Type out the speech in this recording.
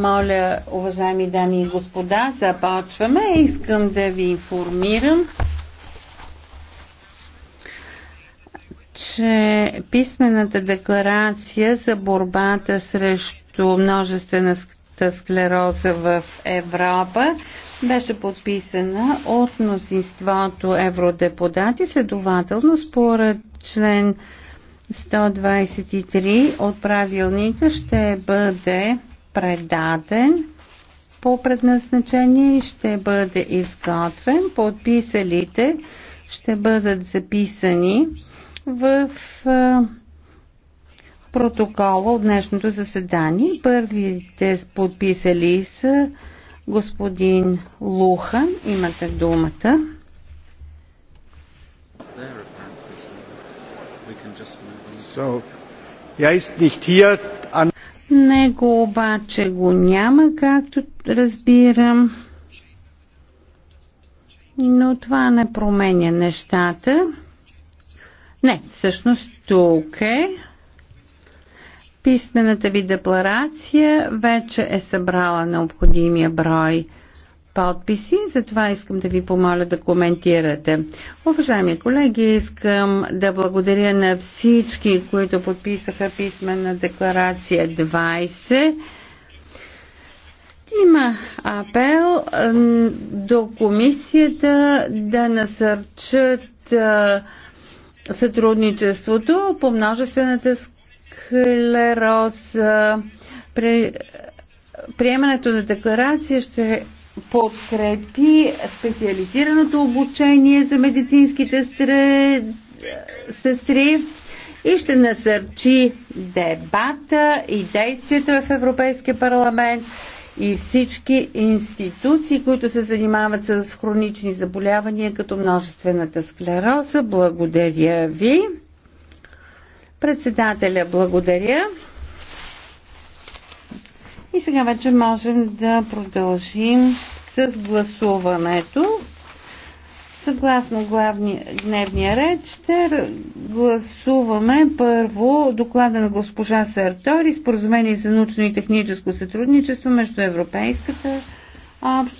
Моля, уважаеми дами и господа, започваме. Искам да ви информирам, че писмената декларация за борбата срещу множествената склероза в Европа беше подписана от мнозинството евродепутати, следователно според член 123 от правилника ще бъде предаден по предназначение и ще бъде изготвен. Подписалите ще бъдат записани в протокола от днешното заседание. Първите подписали са господин Лухан. Имате думата. Него обаче го няма, както разбирам. Но това не променя нещата. Не, всъщност тук е. Писмената ви декларация вече е събрала необходимия брой подписи, затова искам да ви помоля да коментирате. Уважаеми колеги, искам да благодаря на всички, които подписаха писмена декларация 20. Има апел до комисията да насърчат сътрудничеството по множествената склероза. При приемането на декларация ще подкрепи специализираното обучение за медицинските сестри и ще насърчи дебата и действията в Европейския парламент и всички институции, които се занимават с хронични заболявания, като множествената склероза. Благодаря ви. Председателя, благодаря. И сега вече можем да продължим с гласуването. Съгласно главния дневния ред ще гласуваме първо доклада на госпожа Сартори, споразумение за научно и техническо сътрудничество между Европейската общност